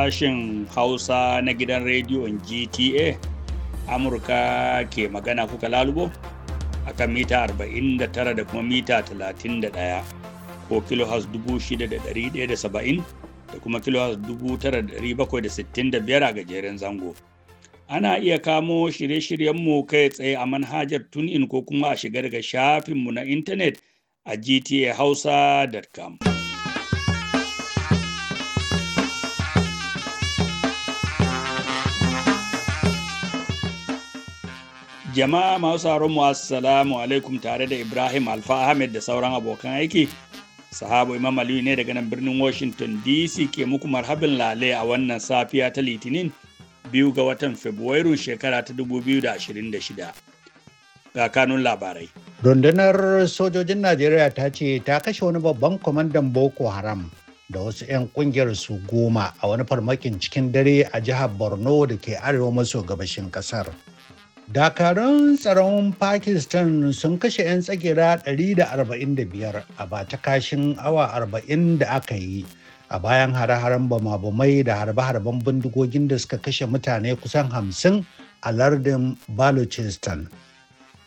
sashen Hausa na gidan rediyon GTA Amurka ke magana kuka lalubo a kan mita 49 da kuma mita 31 ko kilohas 6,170 da kuma kilohas 9,765 a gajeren zango. Ana iya kamo shirye-shiryenmu kai tsaye a manhajar tun in ko kuma a shiga daga shafinmu na intanet a gta gtahausa.com. Jama'a masu sauran mu assalamu alaikum tare da Ibrahim Alfa Ahmed da sauran abokan aiki. Sahabo Imam Aliyu ne daga nan birnin Washington DC ke muku marhabin lale a wannan safiya ta Litinin biyu ga watan Fabrairu shekara ta 2026. Ga kanun labarai. Rundunar sojojin Najeriya ta ce ta kashe wani babban kwamandan Boko Haram da wasu 'yan kungiyar su goma a wani farmakin cikin dare a jihar Borno da ke arewa maso gabashin kasar. dakarun tsaron pakistan sun kashe 'yan tsagira 145 a ba ta kashin awa 40 da aka yi a bayan hare-haren bama-bamai da harbe-harben bindigogin da suka kashe mutane kusan 50 a lardin balochistan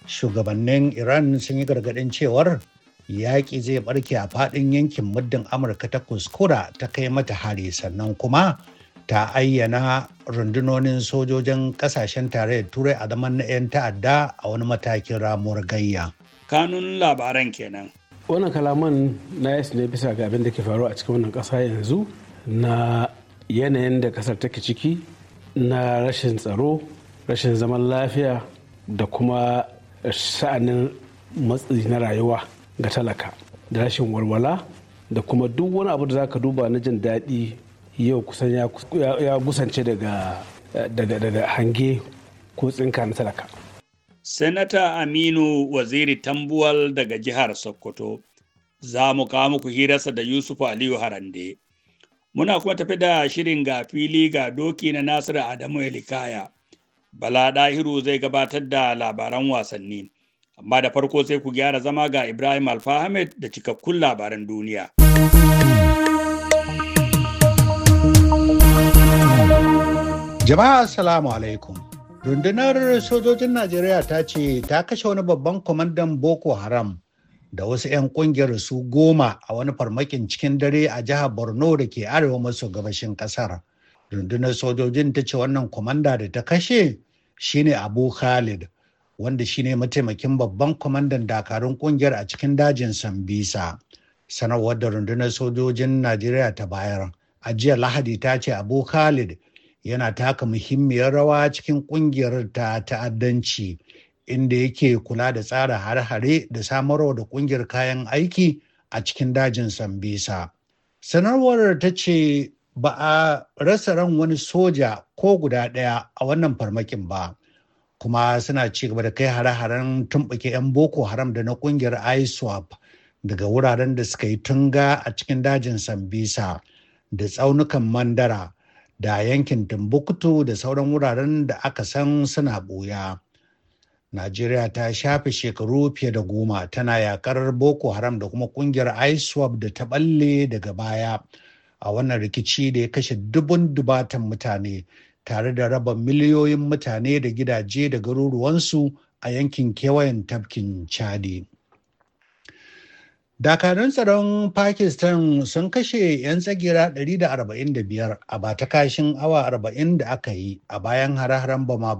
shugabannin iran sun yi gargadin cewar yaƙi zai barke a faɗin yankin muddin amurka ta kuskura ta kai mata hari sannan kuma ta ayyana rundunonin sojojin kasashen tarayyar turai a zaman na 'yan ta'adda a wani matakin ramuwar gayya kanun labaran kenan wannan kalaman na yas ne bisa ga abin da ke faru a cikin wannan kasa yanzu na yanayin da kasar take ciki na rashin tsaro rashin zaman lafiya da kuma sa'anin matsi na rayuwa ga talaka da rashin walwala da kuma duk wani abu da za ka duba na jin daɗi yau kusan ya gusance daga hange ko tsinka na talaka. Sanata Aminu Waziri Tambuwal daga jihar Sokoto za mu kawo muku hirarsa da Yusuf Aliyu Harande. Muna kuma tafi da shirin ga fili ga doki na Nasiru Adamu Elikaya. Bala Dahiru zai gabatar da labaran wasanni. Amma da farko sai ku gyara zama ga Ibrahim Alfahamed da cikakkun labaran duniya. Jama'a Assalamu alaikum. Rundunar sojojin Najeriya ta ce ta kashe wani babban kwamandan Boko Haram da wasu 'yan kungiyar su goma a wani farmakin cikin dare a jihar Borno da ke arewa maso gabashin kasar. Rundunar sojojin ta ce wannan kwamanda da ta kashe shine Abu Khalid wanda shine mataimakin babban kwamandan dakarun kungiyar a cikin dajin Sambisa. Sanarwar da rundunar sojojin Najeriya ta bayar. A jiya Lahadi ta ce Abu Khalid yana taka muhimmiyar rawa cikin kungiyar ta ta'addanci inda yake kula da tsara har-hare da samarwa da kungiyar kayan aiki a cikin dajin sambisa sanarwar ta ce ba a rasa ran wani soja ko guda ɗaya a wannan farmakin ba kuma suna ci gaba da kai hare-haren tumɓuke 'yan boko haram da na kungiyar iswap daga wuraren da suka yi tunga a cikin dajin sambisa da tsaunukan mandara da yankin Timbuktu da sauran wuraren da aka san suna ɓuya. Najeriya ta shafe shekaru fiye da goma tana yakar Boko Haram da kuma kungiyar ISWAP da ta balle daga baya a wannan rikici da ya kashe dubun dubatan mutane tare da raba miliyoyin mutane da gidaje da garuruwansu a yankin kewayen tafkin Chadi. dakarun tsaron pakistan sun kashe 'yan tsagira 145 a bata kashin awa 40 da aka yi a bayan hare-haren bama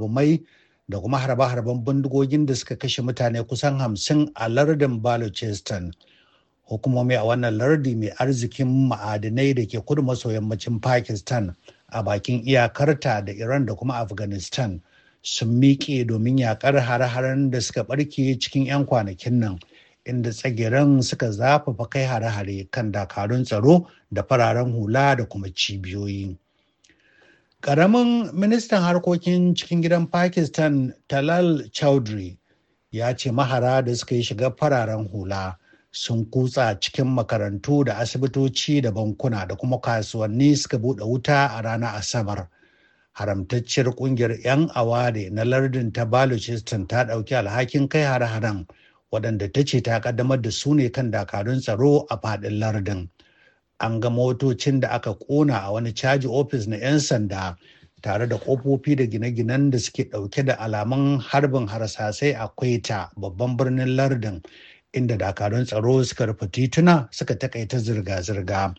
da kuma harbe-harben bindigogin da suka kashe mutane kusan 50 a lardin balochistan hukumomi a wannan lardi mai arzikin ma'adinai da ke kudu maso yammacin pakistan a bakin iyakarta da iran da kuma afghanistan sun miƙe domin yaƙar hare-haren da suka ɓarke cikin 'yan kwanakin nan. inda tsagiran suka zafafa kai hare-hare kan dakarun tsaro da fararen hula da kuma cibiyoyi. Ƙaramin ministan harkokin cikin gidan Pakistan Talal Chowdhury ya ce mahara da suka yi shiga fararen hula sun kutsa cikin makarantu da asibitoci da bankuna da kuma kasuwanni suka buɗe wuta a ranar Asabar. Haramtacciyar ƙungiyar 'yan aware na lardin ta Balochistan ta ɗauki alhakin kai hare-haren. waɗanda ta ce ta kaddamar da su ne kan dakarun tsaro a faɗin lardin an ga motocin da aka kona a wani caji ofis na 'yan sanda tare da kofofi da gine-ginen da suke ɗauke da alamun harbin harsasai a kwaita babban birnin lardin inda dakarun tsaro suka rufe tituna suka takaita zirga-zirga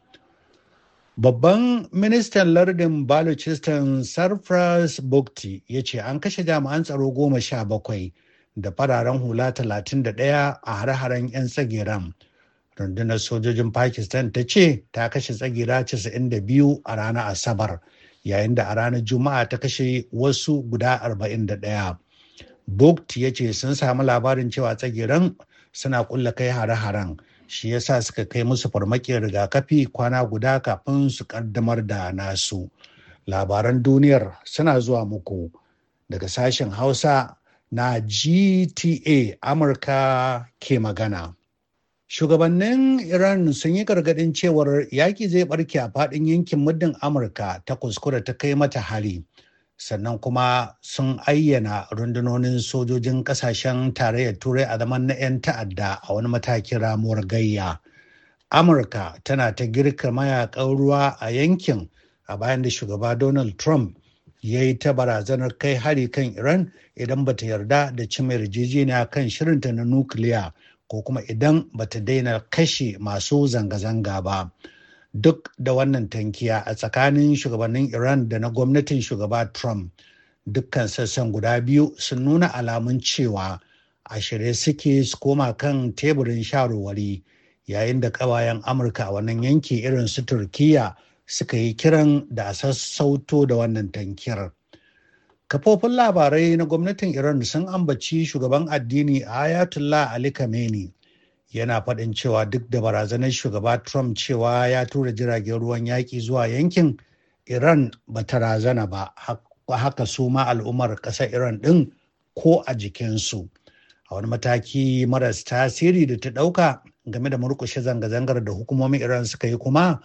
babban ministan lardin balochistan sarfras bukti ya ce an kashe jami'an tsaro goma sha bakwai da fararen hula 31 a har-haren 'yan tsagiran. Rundunar sojojin Pakistan ta ce ta kashe tsagira 92 a ranar Asabar, yayin da a ranar Juma'a ta kashe wasu guda 41. Bukht ya ce sun samu labarin cewa tsagiran suna kulla kai har haren shi ya sa suka kai musu farmakin rigakafi kwana guda kafin su kaddamar da nasu. Labaran duniyar suna zuwa muku daga sashen Hausa na GTA Amurka ke magana. Shugabannin Iran sun yi gargadin cewar yaƙi zai ɓarke a faɗin yankin muddin Amurka ta kuskure ta kai mata hari. Sannan kuma sun ayyana rundunonin sojojin ƙasashen tarayyar Turai a zaman na 'yan ta'adda a wani matakin ramuwar gayya. Amurka tana ta girka mayakan ruwa a yankin a bayan da shugaba Donald Trump ya yi ta barazanar kai hari kan iran idan bata yarda da cimma yarjejeniya kan shirinta na nukiliya ko kuma idan bata daina kashe masu zanga-zanga ba duk da wannan tankiya a tsakanin shugabannin iran da na gwamnatin shugaba trump dukkan sassan guda biyu sun nuna alamun cewa a shirye suke su koma kan teburin shawarwari yayin da kawayen amurka a wannan yanki irin su turkiya suka yi kiran da a sassauto da wannan tankirar. Kafofin labarai na gwamnatin Iran sun ambaci shugaban addini Ayatollah Ali Khamenei yana faɗin cewa duk da barazanar shugaba Trump cewa ya tura jiragen ruwan yaƙi zuwa yankin Iran ba ta razana ba haka su ma al'ummar ƙasar Iran ɗin ko a jikinsu. A wani mataki maras tasiri da ta ɗauka game da murƙushe zanga-zangar da hukumomin Iran suka yi kuma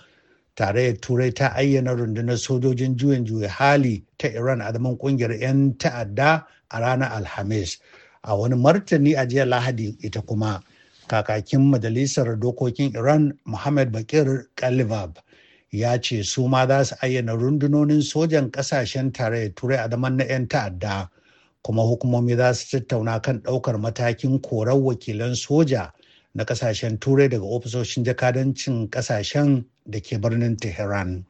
tarayyar turai ta ayyana rundunar sojojin juyin juya hali ta iran a zaman kungiyar 'yan ta'adda a ranar alhamis a wani martani a jiya lahadi ita kuma kakakin majalisar dokokin iran muhammad bakir kalibab ya ce su ma za su ayyana rundunonin sojan kasashen tare turai a zaman na 'yan ta'adda kuma hukumomi za su tattauna kan ɗaukar matakin korar wakilan soja na kasashen turai daga ofisoshin jakadancin kasashen da ke birnin tehran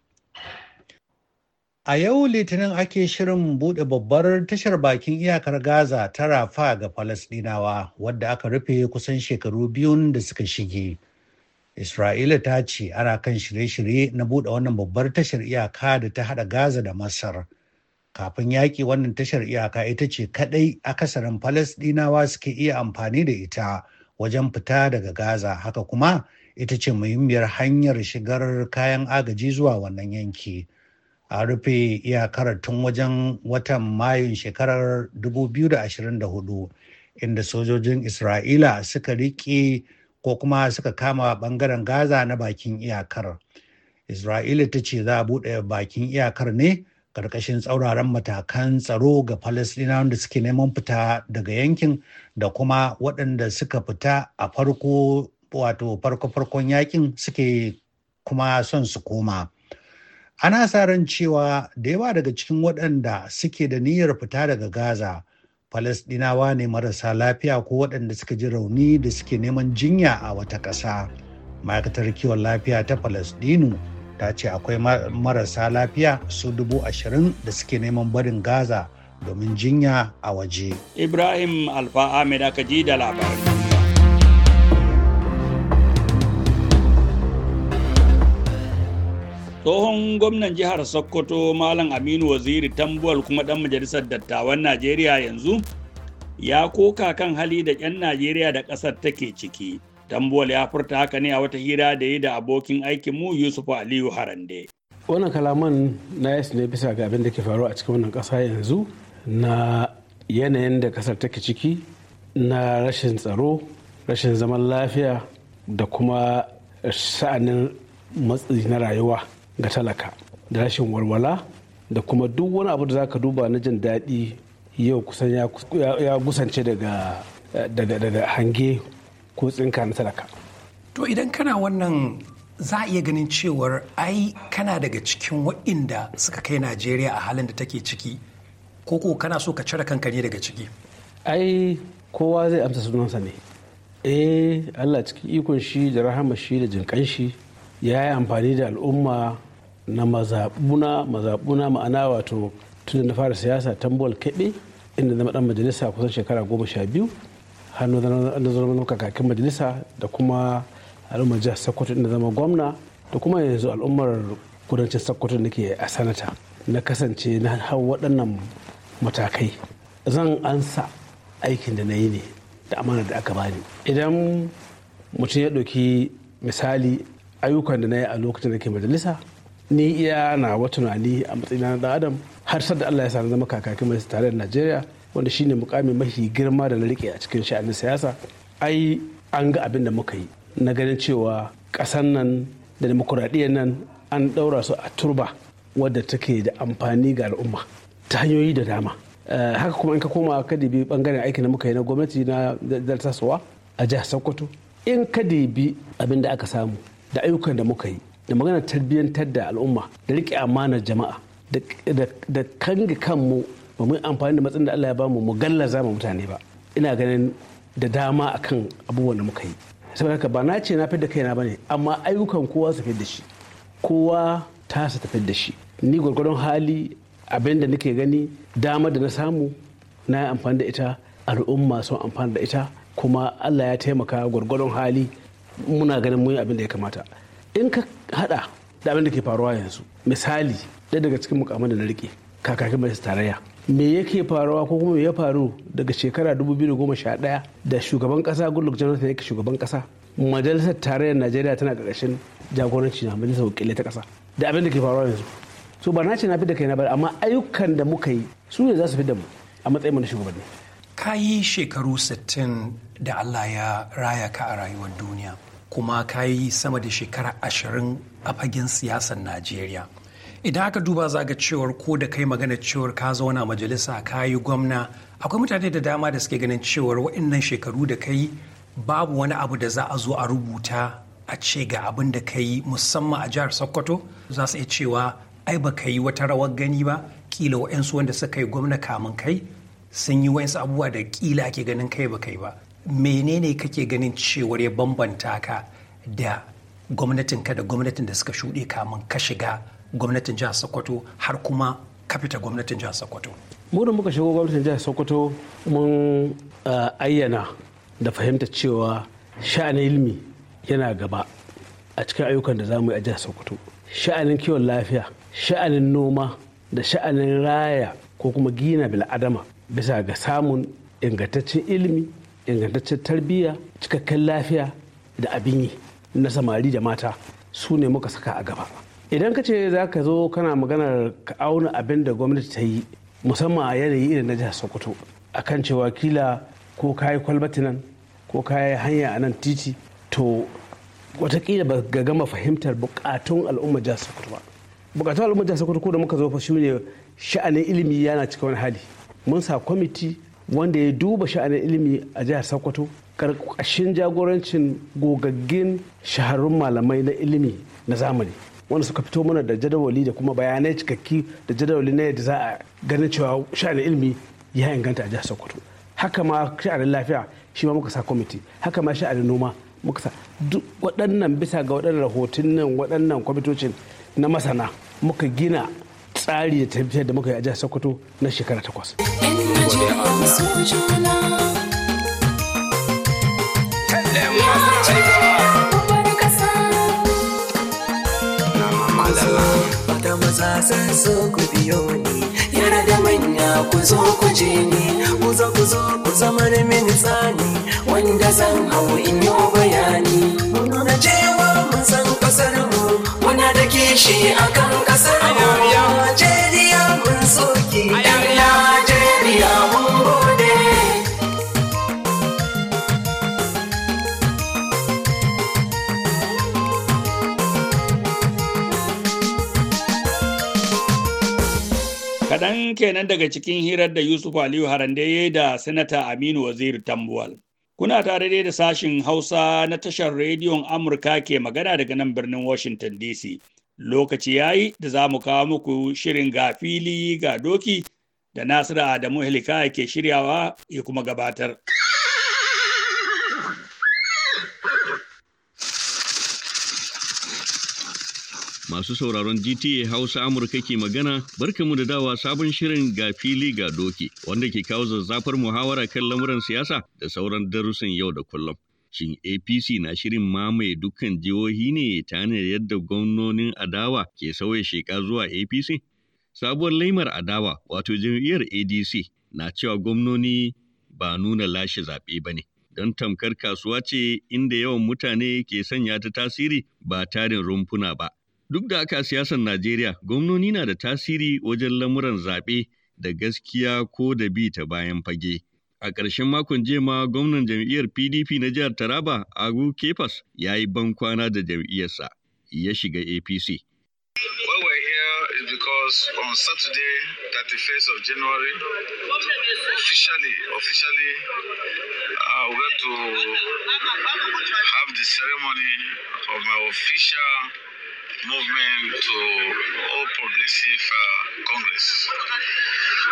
a yau litinin ake shirin bude babbar tashar bakin iyakar gaza ta rafa ga falasdinawa wadda aka rufe kusan shekaru biyun da suka shige isra'ila ta ce ana kan shirye-shirye na bude wannan babbar tashar iyaka da ta hada gaza da masar kafin yaƙi wannan tashar iyaka ita ce kaɗai akasarin falasdinawa suke iya amfani da ita wajen fita daga Gaza haka kuma ita ce muhimmiyar hanyar shigar kayan agaji zuwa wannan yanki. A rufe iyakar tun wajen watan Mayun shekarar 2024 inda sojojin Isra'ila suka riƙe ko kuma suka kama bangaren Gaza na bakin iyakar. Isra'ila ta ce za a buɗe bakin iyakar ne ƙarƙashin tsauraran matakan tsaro ga falasɗinawan da suke neman fita daga yankin da kuma waɗanda suka fita a farko wato farko-farkon yakin suke kuma son su koma ana sa ran cewa da yawa daga cikin waɗanda suke da niyyar fita daga gaza falasɗinawa ne marasa lafiya ko waɗanda suka ji rauni da suke neman jinya a wata ƙasa ma'aikatar kiwon lafiya ta falasɗinu ta ce akwai marasa lafiya su dubu ashirin da suke neman barin gaza domin jinya a waje ibrahim alfa ahmed aka ji da labari tsohon gwamnan jihar sokoto malam aminu waziri tambuwal kuma dan majalisar dattawan najeriya yanzu ya koka kan hali da 'yan najeriya da ƙasar take ciki Tambuwal ya furta haka ne a wata hira da yi da abokin aikin mu Yusuf Aliyu Harande. Wannan kalaman na yasu ne bisa ga abin da ke faruwa a cikin wannan ƙasa yanzu na yanayin da ƙasar take ciki na rashin tsaro, rashin zaman lafiya da kuma sa'anin matsi na rayuwa ga talaka da rashin walwala da kuma duk wani abu da za ka duba na jin daɗi yau kusan ya gusance daga hange kutsinka na talaka to idan kana wannan za a iya ganin cewar ai kana daga cikin waɗanda suka kai najeriya a halin da take ciki ko ko kana so ka cire kanka ne daga ciki ai kowa zai amsa sunansa ne eh allah cikin ikon shi da rahama shi da jinkan shi ya yi amfani da al'umma na mazabuna mazabuna ma'ana wato tun da na fara siyasa tambol keɓe inda zama dan majalisa kusan shekara goma sha biyu hannu na zama kakakin majalisa da kuma al'ummar jihar sokoto inda zama gwamna da kuma yanzu al'ummar kudancin sokoto da ke a sanata na kasance na hau waɗannan matakai zan ansa aikin da na yi ne da amana da aka bani idan mutum ya ɗauki misali ayyukan da na yi a lokacin da ke majalisa ni iya na wa tunani a matsayin na adam har sadda allah ya sa na zama kakakin majalisa tare da najeriya wanda shine mukami mafi girma da na rike a cikin sha'anin siyasa ai an ga abin da muka yi na ganin cewa ƙasan nan da demokuraɗiyyar nan an ɗaura su a turba wadda take da amfani ga al'umma ta hanyoyi da dama eh, haka kuma in ka koma ka dibi bangaren aikin da muka yi na gwamnati na daltasowa a jihar sokoto in ka dibi abin da aka samu da ayyukan da muka yi da magana tarbiyyantar da al'umma da riƙe amanar jama'a da kange kanmu ba mu amfani da matsin da Allah ya bamu mu gallaza mu mutane ba ina ganin da dama akan abubuwan da muka yi saboda haka ba na ce na fidda kaina bane amma ayyukan kowa su fidda shi kowa ta su tafi da shi ni gwargwadon hali abin da nake gani dama da na samu na amfani da ita al'umma sun amfani da ita kuma Allah ya taimaka gwargwadon hali muna ganin mun abin da ya kamata in ka hada da abin da ke faruwa yanzu misali ɗaya daga cikin mukamman da na rike kakakin majalisar tarayya me yake faruwa ko kuma me ya faru daga shekara 2011 da shugaban kasa goodluck jonathan yake shugaban kasa majalisar tarayyar najeriya tana ƙarƙashin jagoranci na majalisar wakilai ta kasa da abin da ke faruwa yanzu so ba na ce na fi da kaina ba amma ayyukan da muka yi su ne za su fi da mu a matsayin mu na shugabanni ka yi shekaru 60 da Allah ya raya ka a rayuwar duniya kuma ka yi sama da shekara 20 a fagen siyasar Najeriya idan aka duba za ga cewar ko da kai magana cewar ka zauna majalisa ka yi gwamna akwai mutane da dama da suke ganin cewar waɗannan shekaru da kai babu wani abu da za a zo a rubuta a ce ga abin da ka yi musamman a jihar sokoto za su iya cewa ai ba ka yi wata rawar gani ba kila wayansu wanda suka yi gwamna kamun kai sun yi waɗansu abubuwa da kila ake ganin kai ba kai ba menene kake ganin cewar ya bambanta ka da gwamnatinka da gwamnatin da suka shuɗe kamun ka shiga gwamnatin jihar sokoto har kuma kafita gwamnatin jihar sokoto mu da muka shigo gwamnatin jihar sokoto mun eh, ayyana da fahimta cewa sha'anin ilimi yana gaba a cikin ayyukan da zamu mu yi a jihar sokoto sha'anin kiwon lafiya sha'anin noma da sha'anin raya ko kuma gina bil'adama bisa ga samun ingantaccen ilimi ingantaccen tarbiyya cikakken lafiya da abin yi na samari da mata su ne muka saka a gaba idan ka ce za ka zo kana maganar ka auna abin da gwamnati ta yi musamman a yanayi irin na jihar sokoto akan cewa kila ko ka yi kwalbati nan ko ka yi hanya a nan titi to watakila ba ga gama fahimtar bukatun al'ummar jihar sokoto ba bukatun al'ummar jihar sokoto ko da muka zo fa shi ne sha'anin ilimi yana cikin wani hali mun sa kwamiti wanda ya duba sha'anin ilimi a jihar sokoto karkashin jagorancin gogaggin shaharun malamai na ilimi na zamani wanda suka fito mana da jadawali da kuma bayanai cikakki da jadawali na yadda za a ganin cewa sha'anin ilimi ya inganta a jihar sokoto haka ma sha'anin lafiya shi ma muka sa kwamiti haka ma sha'anin noma muka sa duk waɗannan bisa ga waɗannan rahotannin waɗannan kwamitocin na masana muka gina tsari da tafiyar da muka yi a jihar sokoto na shekara takwas. maza san so ku biyo ni yara da manya ku zo ku je ni ku zo ku zo ku zama da mini tsani wanda zan hau in yi bayani na cewa mun san kasar mu muna da kishi akan kasar mu kenan daga cikin hirar da Yusuf Aliyu Harande da Sanata Aminu Waziri Tambuwal. Kuna tare dai da sashin Hausa na tashar rediyon Amurka ke magana daga nan birnin Washington DC. Lokaci ya yi da za mu kawo muku shirin ga fili ga doki da Nasiru Adamu Helika ke shiryawa ya kuma gabatar. Masu sauraron GTA Hausa Amurka ke magana barkamu da dawa sabon shirin ga fili ga doki wanda ke kawo zazzafar muhawara kan lamuran siyasa da sauran darussan yau da kullum. Shin APC na shirin mamaye dukkan jihohi ne ta hanyar yadda gwamnonin adawa ke sauya sheka zuwa APC? Sabuwar laimar adawa wato jam'iyyar ADC na cewa gwamnoni ba nuna lashe zaɓe ba ne. Don tamkar kasuwa ce inda yawan mutane ke sanya ta tasiri ba tarin rumfuna ba. Duk da aka siyasar Najeriya, gwamnoni na da tasiri wajen lamuran zaɓe da gaskiya ko da bi ta bayan fage. A ƙarshen makon jema gwamnan jam'iyyar PDP na jihar Taraba, Agu Kefas, ya yi bankwana da jam'iyyarsa, ya shiga APC. on Saturday, 31st of January, officially, officially, uh, we're going to have the ceremony of my official movement to All Progressive uh, Congress.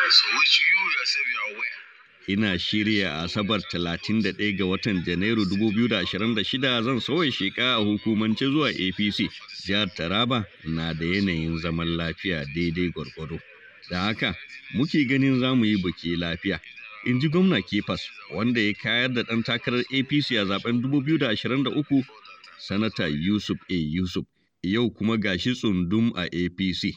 So which you yourself you are aware. Ina shirya Asabar 31 ga watan Janairu 2026 zan sauya sheka a hukumance zuwa APC. Jihar Taraba na da yanayin zaman lafiya daidai gwargwado. Da haka, muke ganin za mu yi biki lafiya. in ji gwamna Kifas, wanda ya kayar da ɗan takarar apc a zaben 2023 sanata yusuf a yusuf yau kuma ga shi tsundum a APC.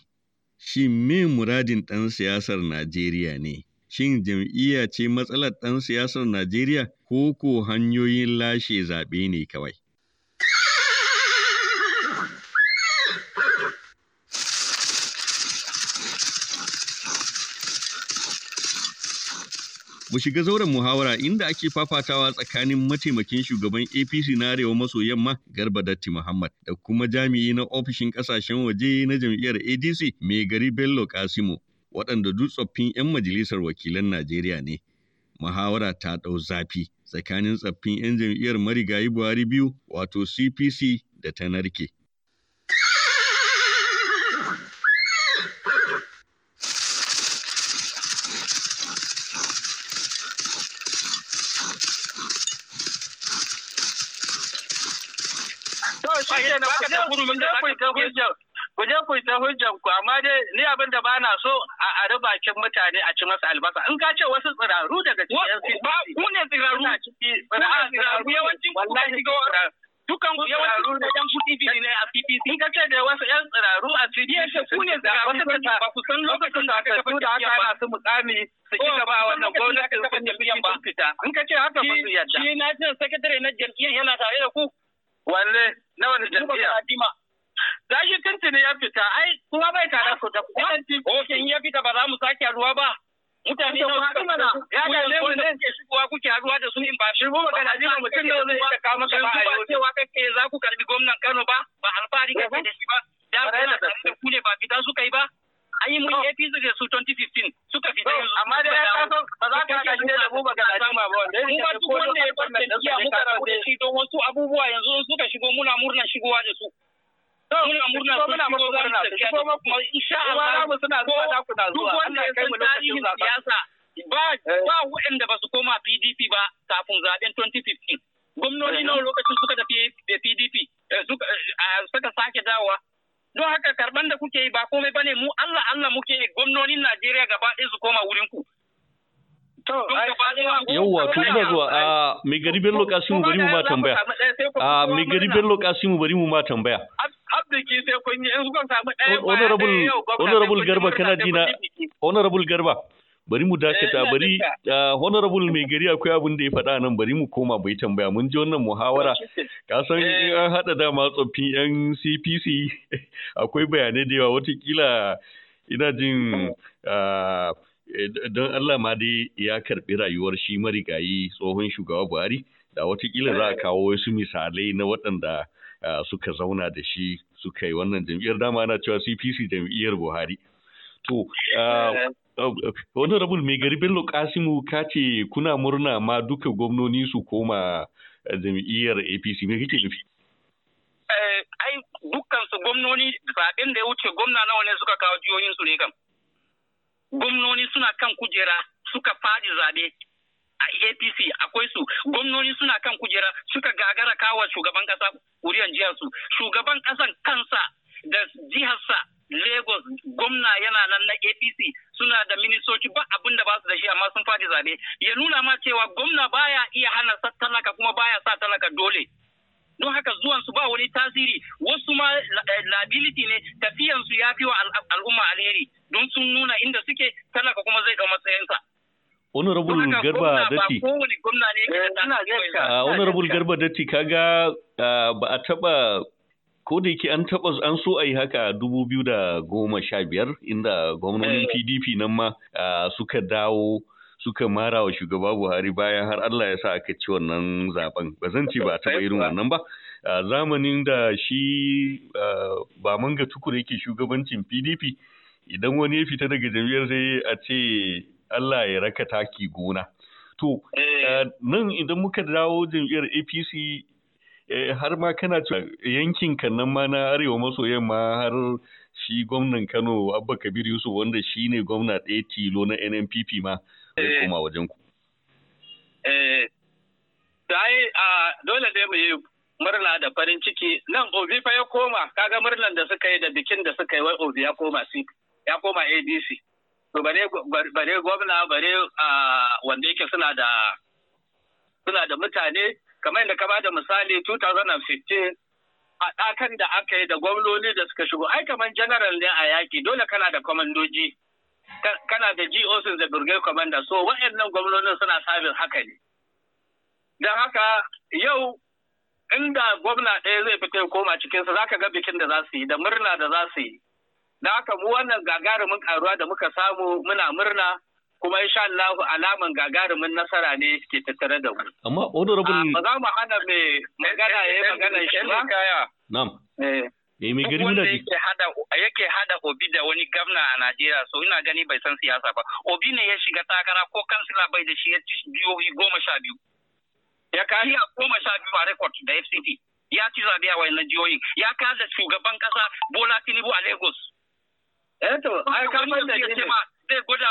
Shin me muradin ɗan siyasar Najeriya ne? Shin jam'iyya ce matsalar ɗan siyasar Najeriya ko ko hanyoyin lashe zaɓe ne kawai? mu shiga zauren muhawara inda ake fafatawa tsakanin mataimakin shugaban APC na Arewa maso yamma Garba Datti Muhammad da kuma jami'i na ofishin kasashen waje na jam'iyyar ADC mai gari Bello Kasimo waɗanda duk tsoffin 'yan majalisar wakilan Najeriya ne. Muhawara ta ɗau zafi tsakanin tsaffin 'yan jam'iyyar marigayi Buhari biyu wato CPC da ta narke. ku je ku ta hujja ku je ku ta hujjan ku amma dai ni abin da ba na so a ari bakin mutane a ci masa albasa in ka ce wasu tsiraru daga cikin ba ku ne tsiraru tsiraru yawancin wallahi dukan yawancin da yan kuɗi biyu ne a PPC. In ka ce da wasu yan tsiraru a CDC. Iya ce ku ne tsiraru ba ku san lokacin da aka su da aka hana su mukami su ci oh, gaba a wannan gwamnati sun yi fita. In ka ce haka ba su yadda. Shi na ce sakatare na jam'iyyar yana tare da ku. Wanne na wani jam'iyya? Gashi tuntuni ya fita, ai kuma bai tare ku da kuma. Oke in ya fita ba za mu sake haduwa ba. Mutane na haɗu mana, ya da ne mu ne shigowa kuke haduwa da su in ba shi ba ba kana jima mutum da zai iya kawo maka ba a yau. Cewa kake za ku karbi gwamnan Kano ba, ba alfahari kake da shi ba. Da ku yana da ku ne ba fita suka yi ba. an yi mun APC da su 2015 suka fita yanzu amma da ya kaso ba za ka kashi da mu ba ga ba wanda ya kuma duk wanda ya bar tafiya muka rabu da shi don wasu abubuwa yanzu suka shigo muna murna shigowa da su muna murna su muna murna za su tafiya da kuma insha Allah mu suna zuwa da kuna zuwa Allah kai mu lokacin siyasa ba eh. ba waɗanda ba su koma PDP ba kafin zaben 2015 gwamnoni eh. nawa lokacin suka tafi da PDP eh, suka sake dawowa don haka karban da kuke yi ba komai bane mu Allah Allah muke yi gwamnonin Najeriya gaba ɗaya su koma wurin ku Yawwa to ina zuwa a ah, mai gari bello ah, kasimu bari mu ma tambaya a mai gari bello kasimu bari mu ma tambaya abdiki sai kun yi in samu ɗaya honorable garba kana honorable garba bari mu dakata eh, bari ah, honorable mai gari akwai abin da ya faɗa nan bari mu koma bai tambaya mun ji wannan muhawara ka san eh. an haɗa dama tsoffin yan cpc akwai bayanai da yawa watakila ina jin ah, eh, don allah ma dai ya karɓi rayuwar shi marigayi tsohon shugaba buhari da watakila za a kawo wasu misalai na waɗanda ah, suka zauna da shi suka yi wannan jam'iyyar dama ana cewa cpc jam'iyyar buhari to rabin mai garibin ka ce kuna murna ma duka gwamnoni su koma eh, jam'iyyar apc me kake nufi eh, ai dukkan su gwamnoni zaɓen da ya wuce gwamna nawa ne suka kawo jiyoyin su ne kam gwamnoni suna kan kujera suka fadi zaɓe a apc akwai su gwamnoni suna kan kujera suka gagara kawo shugaban kasa kuriyan jiyarsu su shugaban ƙasan kansa da jiharsa Lagos gwamna yana nan na APC suna da ministoci ba abin da ba su da shi amma sun fadi zabe ya nuna ma cewa gwamna baya iya hana talaka kuma baya sa talaka dole don haka zuwan su ba wani tasiri wasu ma eh, liability ne tafiyan su ya fi wa al'umma alheri don sun nuna inda suke talaka kuma zai dau matsayinsa honorable garba datti honorable garba ah, datti kaga ba a taba ko da yake an taɓa an so a yi haka dubu biyu da goma sha biyar inda gwamnonin pdp eh. nan ma suka dawo suka mara wa shugaba buhari bayan har allah ya sa aka ci wannan zaben ba zan ce ba taɓa irin wannan ba a zamanin da shi ba manga tukur yake shugabancin pdp idan wani ya fita daga jam'iyyar sai a ce allah ya raka taki gona to eh. nan idan muka dawo jam'iyyar apc Eh, har ma kana yankin kan nan ma na arewa maso yamma har shi gwamnan Kano Abba Kabir Yusuf wanda shi ne gwamna ɗaya tilo na NNPP ma zai eh. koma wajen ku. Eh, dole dai mu yi murna da farin ciki nan Obi fa ya koma kaga murnan da suka yi da bikin da suka yi wai Obi ya koma ya koma ADC. To bare gwamna bare wanda yake suna da suna da mutane kamar da ka ba da misali 2015 a ɗakan da aka yi da gwamnoni da suka shigo ai kamar general ne a yaki dole kana da kwamandoji kana da GOs da brigade commander so waɗannan gwamnonin suna sabin haka ne don haka yau inda gwamna ɗaya zai fita koma cikinsa za ka ga bikin da za su yi da murna da za su yi da haka mu wannan gagarumin karuwa da muka samu muna murna kuma insha Allah alaman gagarumin nasara ne ke tattare da mu. Amma honorable ah, ba za mu hana mai magana yayin magana shi ba. Na'am. Eh. Eh mai girma da yake hada yake hada Obi da wani gwamna a Najeriya so ina gani bai san siyasa ba. Obi ne ya shiga takara ko kansila bai da shi ya ci jihohi goma sha biyu. Ya kari a goma sha biyu a rekod da FCT. Ya ci zabe a wayannan jihohin. Ya kada shugaban kasa Bola Tinubu a Lagos. Eh to, ai kamar da zai gwada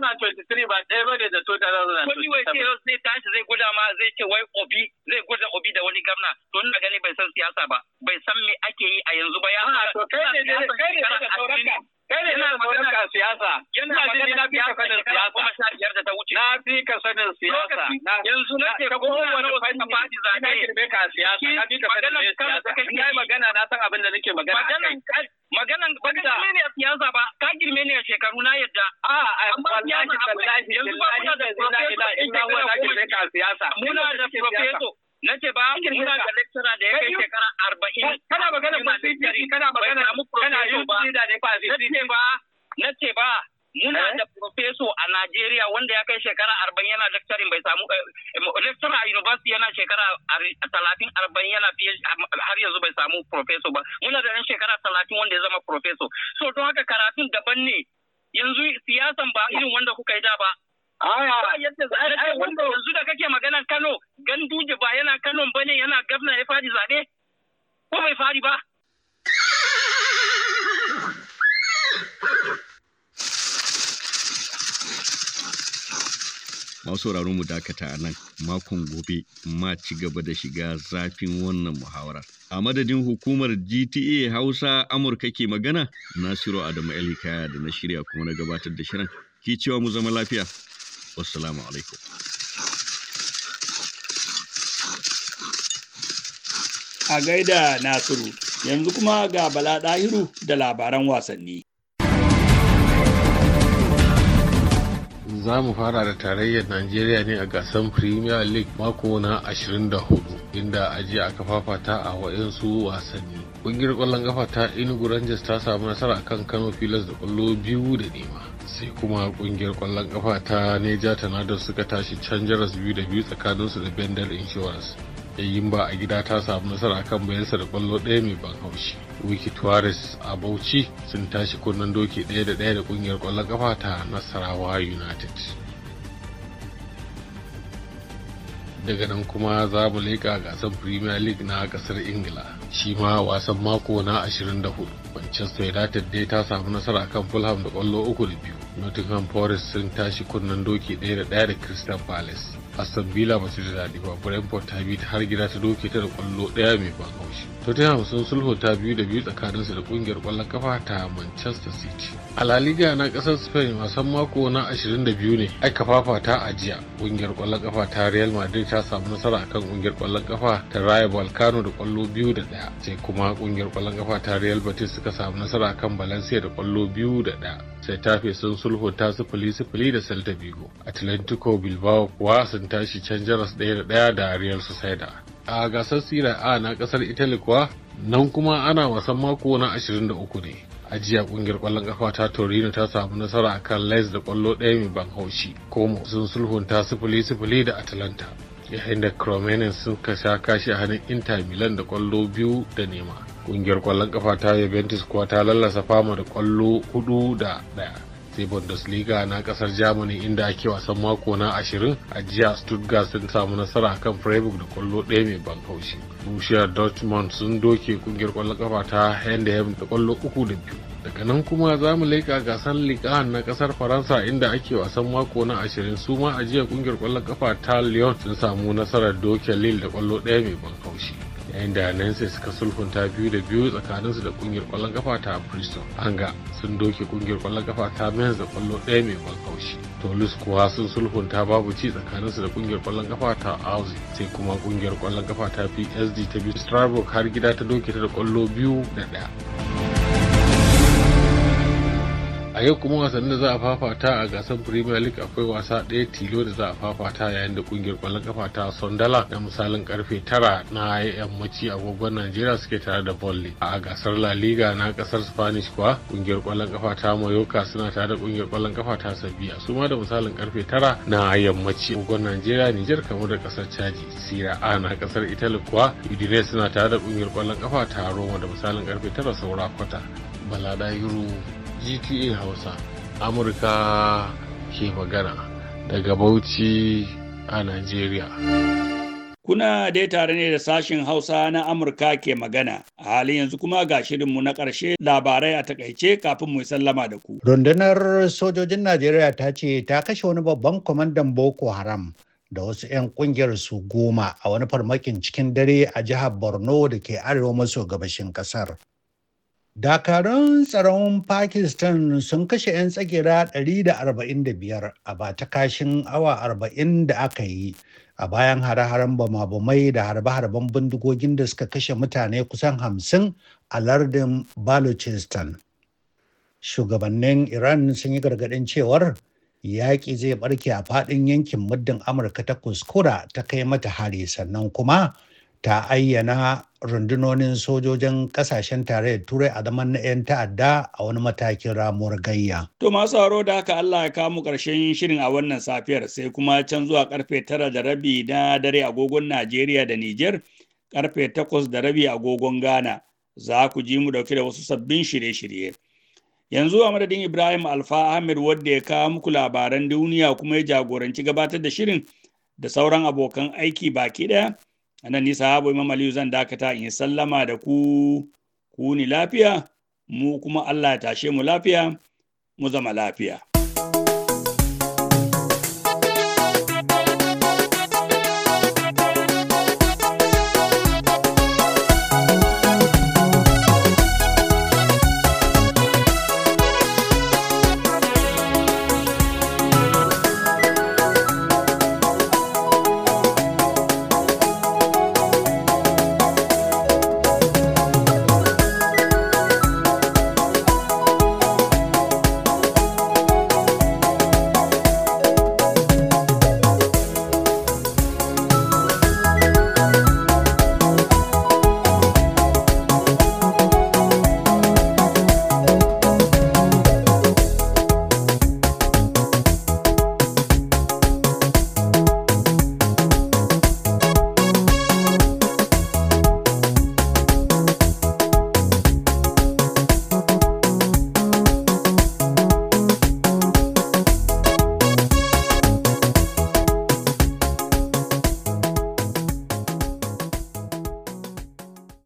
ma 2023 ba ɗaya ba bane da 2023 wani wai ce zai tashi zai gwada ma zai ce wai obi zai gwada obi da wani gamna to ina gani bai san siyasa ba bai san me ake yi a yanzu ba ya ah, to kai ne kai ne da sauranka Kai ne ina magana kan siyasa. Yana magana na fi ka sanin siyasa. da ta wuce. Na fi ka sanin siyasa. Yanzu na ke kowane fanni ina girme ka siyasa. Na fi ka sanin siyasa. Kai magana na san abin da nake magana. Maganan ba ka girme ne a siyasa ba. Ka girme ne shekaru na yadda. A amma siyasa akwai. Yanzu ba kuna da profesor. Ina girme ka siyasa. Muna da profesor. Na ce ba an kirkira ga lecturer da ya kai shekara arba'in. Kana magana ba CCC kana magana kana yin da ne ba CCC ba. Na ce ba muna eh? da professor a Najeriya wanda ya kai shekara arba'in yana lecturing bai samu eh, eh, lecturer a university yana shekara talatin arba'in yana har yanzu bai samu professor ba. Muna da ɗan shekara talatin wanda ya zama professor So don haka karatun daban ne. Yanzu siyasan ba irin wanda kuka yi da ba yadda yanzu da kake magana Kano ganduje ba yana Kano bane yana gabna ya fadi zabe ko bai fadi ba masu wuraren mu dakata a nan makon gobe ma ci gaba da shiga zafin wannan muhawarar. A madadin hukumar GTA Hausa Amurka ke magana, Nasiru Adamu Elikaya da na shirya kuma na gabatar da shirin. Ki cewa mu zama lafiya. wassalamu alaikum a gaida nasiru yanzu kuma ga bala ɗahiru da labaran wasanni za mu fara da tarayyar najeriya ne a gasar premier league mako na 24 inda aji aka fafata a waɗansu wasanni ƙungiyar ƙwallon kafa ta inugu rangers ta samu nasara kan kano pilas da ƙwallo biyu da nema sai kuma kungiyar kwallon kafa ta neja tanada suka tashi can jaras biyu da biyu tsakanin su da bendel insurance yayin ba a gida ta samu nasara kan bayansa da kwallo ɗaya mai ban haushi wiki tuwaris a bauchi sun tashi kunnen doki ɗaya da ɗaya da kungiyar kwallon kafa ta nasarawa united daga nan kuma za mu leƙa gasar premier league na ƙasar ingila shi ma wasan mako na 24 manchester united dai ta samu nasara kan fulham da kwallo uku da biyu nottingham forest sun tashi kunnen doki ɗaya da ɗaya da crystal palace aston villa ba su da daɗi ba brentford ta bi ta har gida ta doke ta da ƙwallo ɗaya mai ban haushi tottenham sun ta biyu da biyu tsakaninsu da kungiyar kwallon kafa ta manchester city a la liga na kasar spain wasan mako na 22 ne aka fafata a jiya kungiyar kwallon kafa ta real madrid ta samu nasara akan kungiyar kwallon kafa ta raya balkano da kwallo biyu da daya sai kuma kungiyar kwallon kafa ta real betis suka samu nasara akan valencia da kwallo biyu da daya sai fi sun ta sufuli sufuli da celta vigo atlantico bilbao kuwa sun tashi can jaras daya da ɗaya da real sociedad a gasar Serie A na kasar Italy kuwa nan kuma ana wasan mako na 23 ne. A jiya kungiyar kwallon kafa ta Torino ta samu nasara a kan Les da kwallo ɗaya mai ban haushi. Como sun sulhunta sifili sifili da Atalanta. Yayin da Cromenin sun sha kashi a hannun Inter Milan da kwallo biyu da nema. Kungiyar kwallon kafa ta Juventus kuwa ta lallasa fama da kwallo hudu da ɗaya. ta bundesliga na kasar germany inda ake wasan mako na ashirin a jiya stuttgart sun samu nasara akan freiburg da kwallo ɗaya mai ban haushi bushiyar dortmund sun doke kungiyar kwallon kafa ta hendhem da kwallo uku da biyu daga nan kuma za mu leƙa gasar liga na kasar faransa inda ake wasan mako na ashirin su ma a jiya kungiyar kwallon kafa ta lyon sun samu nasarar doke lille da kwallo ɗaya mai ban haushi yayin da Nancy suka sulhunta biyu da biyu tsakaninsu da kungiyar kwallon kafa ta Bristol. Anga sun doke kungiyar kwallon kafa ta Mainz da kwallo ɗaya mai ban haushi. Toulouse kuwa sun sulhunta babu ci tsakaninsu da kungiyar kwallon kafa ta Auzi sai kuma kungiyar kwallon kafa ta psd ta bi Strasbourg har gida ta doke ta da kwallo biyu da ɗaya. a yau kuma wasannin da za a fafata a gasar premier league akwai wasa ɗaya tilo da za a fafata yayin da kungiyar kwallon kafa ta sondala da misalin karfe tara na yammaci agogon najeriya suke tare da volley a gasar la liga na kasar spanish kuwa kungiyar kwallon kafa ta mayoka suna tare da kungiyar kwallon kafa ta sabiya su ma da misalin karfe tara na yammaci agogon najeriya nijar kamar da kasar chaji sira a na kasar italy kuwa udinese suna tare da kungiyar kwallon kafa ta roma da misalin karfe tara saura kwata balada yuru gta hausa amurka ke magana daga bauchi a nigeria kuna dai tare ne da sashen hausa na amurka ke magana a halin yanzu kuma ga shirinmu na ƙarshe labarai a takaice kafin mu sallama da ku rundunar sojojin najeriya ta ce ta kashe wani babban kwamandan boko haram da wasu 'yan kungiyar su goma a wani farmakin cikin dare a jihar borno da ke arewa maso gabashin kasar dakarun tsaron pakistan sun kashe 'yan tsagira 145 a kashin awa 40 da aka yi a bayan hare-haren bama-bamai da harbe-harben bindigogin da suka kashe mutane kusan 50 a lardin balochistan shugabannin iran sun yi gargadin cewar yaƙi zai barke a faɗin yankin muddin amurka ta kuskura ta kai mata hari sannan kuma ta ayyana rundunonin sojojin kasashen tarayyar turai a zaman na 'yan ta'adda a wani matakin ramuwar gayya. To masu haro da haka Allah ya kamu karshen shirin a wannan safiyar sai kuma can zuwa karfe tara da rabi na dare agogon Najeriya da Nijar karfe takwas da rabi agogon Ghana za ku ji mu dauke da wasu sabbin shirye-shirye. Yanzu a madadin Ibrahim Alfa Ahmed wadda ya kawo muku labaran duniya kuma ya jagoranci gabatar da shirin da sauran abokan aiki baki ɗaya. anan nisa, abu imam aliyu zan dakata in sallama da ku ku ni lafiya mu kuma Allah ya tashe mu lafiya mu zama lafiya